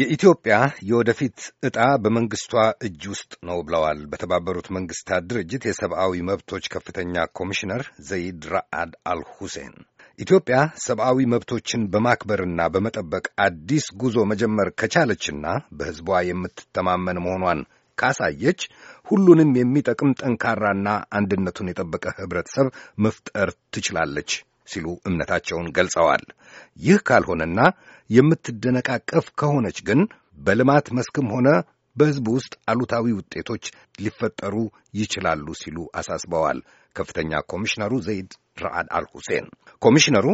የኢትዮጵያ የወደፊት ዕጣ በመንግሥቷ እጅ ውስጥ ነው ብለዋል በተባበሩት መንግሥታት ድርጅት የሰብአዊ መብቶች ከፍተኛ ኮሚሽነር ዘይድ ራአድ አልሁሴን። ኢትዮጵያ ሰብአዊ መብቶችን በማክበርና በመጠበቅ አዲስ ጉዞ መጀመር ከቻለችና በሕዝቧ የምትተማመን መሆኗን ካሳየች ሁሉንም የሚጠቅም ጠንካራና አንድነቱን የጠበቀ ኅብረተሰብ መፍጠር ትችላለች ሲሉ እምነታቸውን ገልጸዋል። ይህ ካልሆነና የምትደነቃቀፍ ከሆነች ግን በልማት መስክም ሆነ በሕዝብ ውስጥ አሉታዊ ውጤቶች ሊፈጠሩ ይችላሉ ሲሉ አሳስበዋል። ከፍተኛ ኮሚሽነሩ ዘይድ ረአድ አልሁሴን ኮሚሽነሩ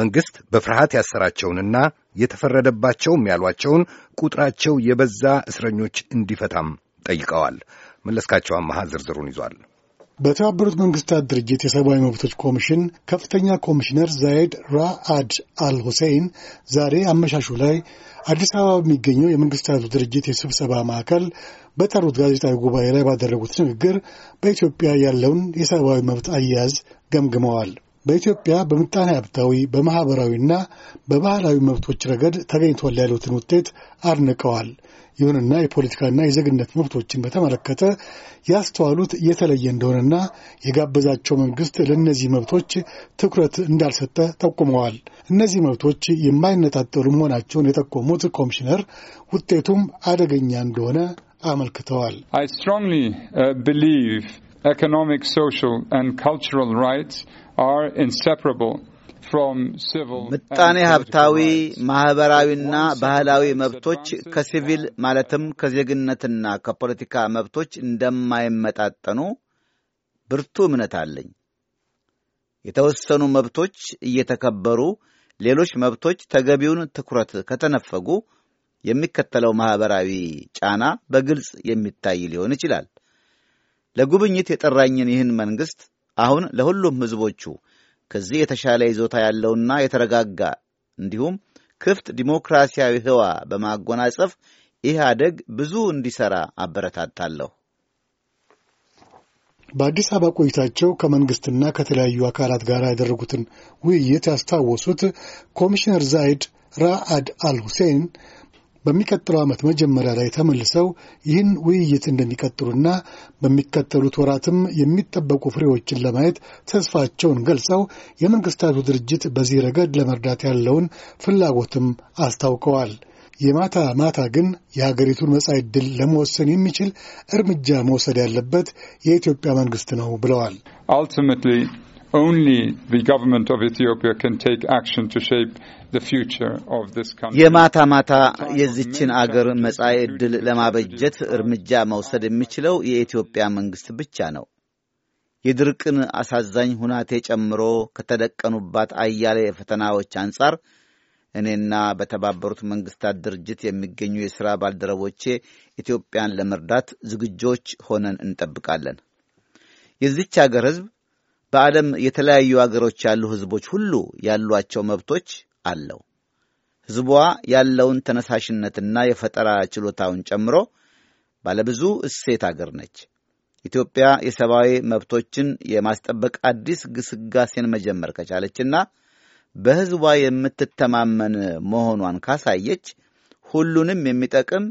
መንግሥት በፍርሃት ያሰራቸውንና የተፈረደባቸውም ያሏቸውን ቁጥራቸው የበዛ እስረኞች እንዲፈታም ጠይቀዋል። መለስካቸው አመሃ ዝርዝሩን ይዟል። በተባበሩት መንግስታት ድርጅት የሰብአዊ መብቶች ኮሚሽን ከፍተኛ ኮሚሽነር ዛይድ ራአድ አል ሁሴይን ዛሬ አመሻሹ ላይ አዲስ አበባ በሚገኘው የመንግስታቱ ድርጅት የስብሰባ ማዕከል በጠሩት ጋዜጣዊ ጉባኤ ላይ ባደረጉት ንግግር በኢትዮጵያ ያለውን የሰብአዊ መብት አያያዝ ገምግመዋል። በኢትዮጵያ በምጣኔ ሀብታዊ በማኅበራዊና በባህላዊ መብቶች ረገድ ተገኝቷል ያሉትን ውጤት አድንቀዋል። ይሁንና የፖለቲካና የዜግነት መብቶችን በተመለከተ ያስተዋሉት የተለየ እንደሆነና የጋበዛቸው መንግስት ለእነዚህ መብቶች ትኩረት እንዳልሰጠ ጠቁመዋል። እነዚህ መብቶች የማይነጣጠሉ መሆናቸውን የጠቆሙት ኮሚሽነር ውጤቱም አደገኛ እንደሆነ አመልክተዋል። ኢኮኖሚክ ሶሻል አንድ ካልቸራል ራይትስ ምጣኔ ሀብታዊ ማኅበራዊና ባህላዊ መብቶች ከሲቪል ማለትም ከዜግነትና ከፖለቲካ መብቶች እንደማይመጣጠኑ ብርቱ እምነት አለኝ። የተወሰኑ መብቶች እየተከበሩ ሌሎች መብቶች ተገቢውን ትኩረት ከተነፈጉ የሚከተለው ማኅበራዊ ጫና በግልጽ የሚታይ ሊሆን ይችላል። ለጉብኝት የጠራኝን ይህን መንግሥት አሁን ለሁሉም ህዝቦቹ ከዚህ የተሻለ ይዞታ ያለውና የተረጋጋ እንዲሁም ክፍት ዲሞክራሲያዊ ህዋ በማጎናጸፍ ኢህአደግ ብዙ እንዲሠራ አበረታታለሁ። በአዲስ አበባ ቆይታቸው ከመንግሥትና ከተለያዩ አካላት ጋር ያደረጉትን ውይይት ያስታወሱት ኮሚሽነር ዛይድ ራአድ አልሁሴን በሚቀጥለው ዓመት መጀመሪያ ላይ ተመልሰው ይህን ውይይት እንደሚቀጥሉና በሚከተሉት ወራትም የሚጠበቁ ፍሬዎችን ለማየት ተስፋቸውን ገልጸው የመንግስታቱ ድርጅት በዚህ ረገድ ለመርዳት ያለውን ፍላጎትም አስታውቀዋል። የማታ ማታ ግን የሀገሪቱን መጻኢ ዕድል ለመወሰን የሚችል እርምጃ መውሰድ ያለበት የኢትዮጵያ መንግስት ነው ብለዋል። የማታ ማታ የዚችን አገር መጻኤ ዕድል ለማበጀት እርምጃ መውሰድ የሚችለው የኢትዮጵያ መንግስት ብቻ ነው። የድርቅን አሳዛኝ ሁናቴ ጨምሮ ከተደቀኑባት አያሌ ፈተናዎች አንጻር እኔና በተባበሩት መንግስታት ድርጅት የሚገኙ የሥራ ባልደረቦቼ ኢትዮጵያን ለመርዳት ዝግጆች ሆነን እንጠብቃለን። የዚች አገር ህዝብ በዓለም የተለያዩ አገሮች ያሉ ሕዝቦች ሁሉ ያሏቸው መብቶች አለው። ሕዝቧ ያለውን ተነሳሽነትና የፈጠራ ችሎታውን ጨምሮ ባለብዙ እሴት አገር ነች። ኢትዮጵያ የሰብአዊ መብቶችን የማስጠበቅ አዲስ ግስጋሴን መጀመር ከቻለችና በሕዝቧ የምትተማመን መሆኗን ካሳየች ሁሉንም የሚጠቅም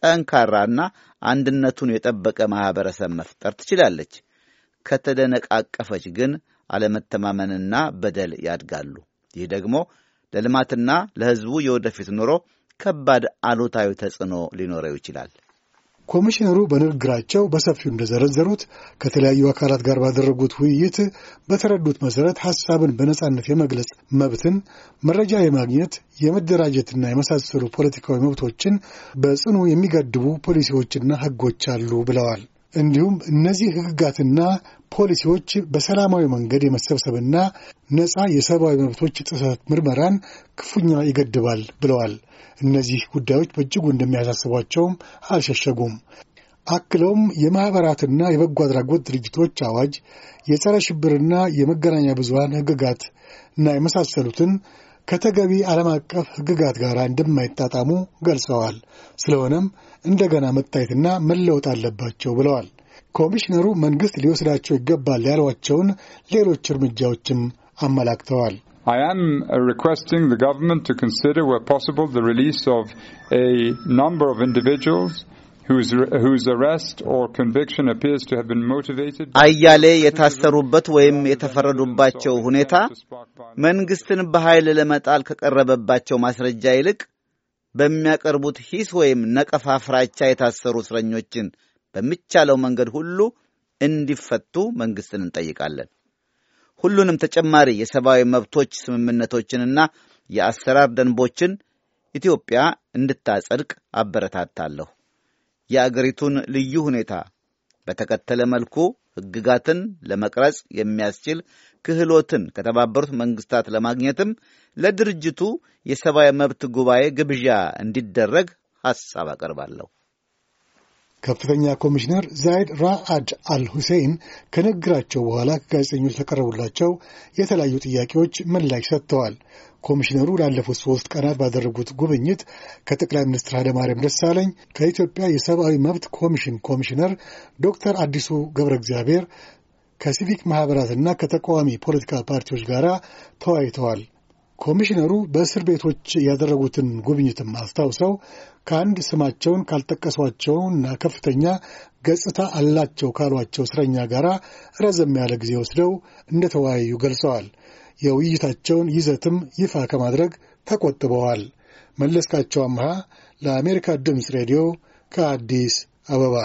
ጠንካራና አንድነቱን የጠበቀ ማኅበረሰብ መፍጠር ትችላለች። ከተደነቃቀፈች ግን አለመተማመንና በደል ያድጋሉ። ይህ ደግሞ ለልማትና ለሕዝቡ የወደፊት ኑሮ ከባድ አሉታዊ ተጽዕኖ ሊኖረው ይችላል። ኮሚሽነሩ በንግግራቸው በሰፊው እንደዘረዘሩት ከተለያዩ አካላት ጋር ባደረጉት ውይይት በተረዱት መሠረት ሐሳብን በነጻነት የመግለጽ መብትን፣ መረጃ የማግኘት የመደራጀትና የመሳሰሉ ፖለቲካዊ መብቶችን በጽኑ የሚገድቡ ፖሊሲዎችና ሕጎች አሉ ብለዋል። እንዲሁም እነዚህ ህግጋትና ፖሊሲዎች በሰላማዊ መንገድ የመሰብሰብና ነጻ የሰብአዊ መብቶች ጥሰት ምርመራን ክፉኛ ይገድባል ብለዋል። እነዚህ ጉዳዮች በእጅጉ እንደሚያሳስቧቸውም አልሸሸጉም። አክለውም የማኅበራትና የበጎ አድራጎት ድርጅቶች አዋጅ፣ የጸረ ሽብርና የመገናኛ ብዙሃን እና የመሳሰሉትን ከተገቢ ዓለም አቀፍ ሕግጋት ጋር እንደማይጣጣሙ ገልጸዋል። ስለሆነም እንደገና መታየትና መለወጥ አለባቸው ብለዋል። ኮሚሽነሩ መንግሥት ሊወስዳቸው ይገባል ያሏቸውን ሌሎች እርምጃዎችም አመላክተዋል። I am uh, requesting the government to consider where possible the release of a number of individuals አያሌ የታሰሩበት ወይም የተፈረዱባቸው ሁኔታ መንግሥትን በኃይል ለመጣል ከቀረበባቸው ማስረጃ ይልቅ በሚያቀርቡት ሂስ ወይም ነቀፋ ፍራቻ የታሰሩ እስረኞችን በሚቻለው መንገድ ሁሉ እንዲፈቱ መንግሥትን እንጠይቃለን። ሁሉንም ተጨማሪ የሰብአዊ መብቶች ስምምነቶችንና የአሰራር ደንቦችን ኢትዮጵያ እንድታጸድቅ አበረታታለሁ። የአገሪቱን ልዩ ሁኔታ በተከተለ መልኩ ሕግጋትን ለመቅረጽ የሚያስችል ክህሎትን ከተባበሩት መንግሥታት ለማግኘትም ለድርጅቱ የሰብአዊ መብት ጉባኤ ግብዣ እንዲደረግ ሐሳብ አቀርባለሁ። ከፍተኛ ኮሚሽነር ዛይድ ራአድ አል ሁሴን ከንግግራቸው በኋላ ከጋዜጠኞች ለቀረቡላቸው የተለያዩ ጥያቄዎች ምላሽ ሰጥተዋል። ኮሚሽነሩ ላለፉት ሶስት ቀናት ባደረጉት ጉብኝት ከጠቅላይ ሚኒስትር ኃይለማርያም ደሳለኝ፣ ከኢትዮጵያ የሰብአዊ መብት ኮሚሽን ኮሚሽነር ዶክተር አዲሱ ገብረ እግዚአብሔር ከሲቪክ ማኅበራትና ከተቃዋሚ ፖለቲካ ፓርቲዎች ጋር ተወያይተዋል። ኮሚሽነሩ በእስር ቤቶች ያደረጉትን ጉብኝትም አስታውሰው ከአንድ ስማቸውን ካልጠቀሷቸውና ከፍተኛ ገጽታ አላቸው ካሏቸው እስረኛ ጋር ረዘም ያለ ጊዜ ወስደው እንደተወያዩ ገልጸዋል። የውይይታቸውን ይዘትም ይፋ ከማድረግ ተቆጥበዋል። መለስካቸው አምሃ ለአሜሪካ ድምፅ ሬዲዮ ከአዲስ አበባ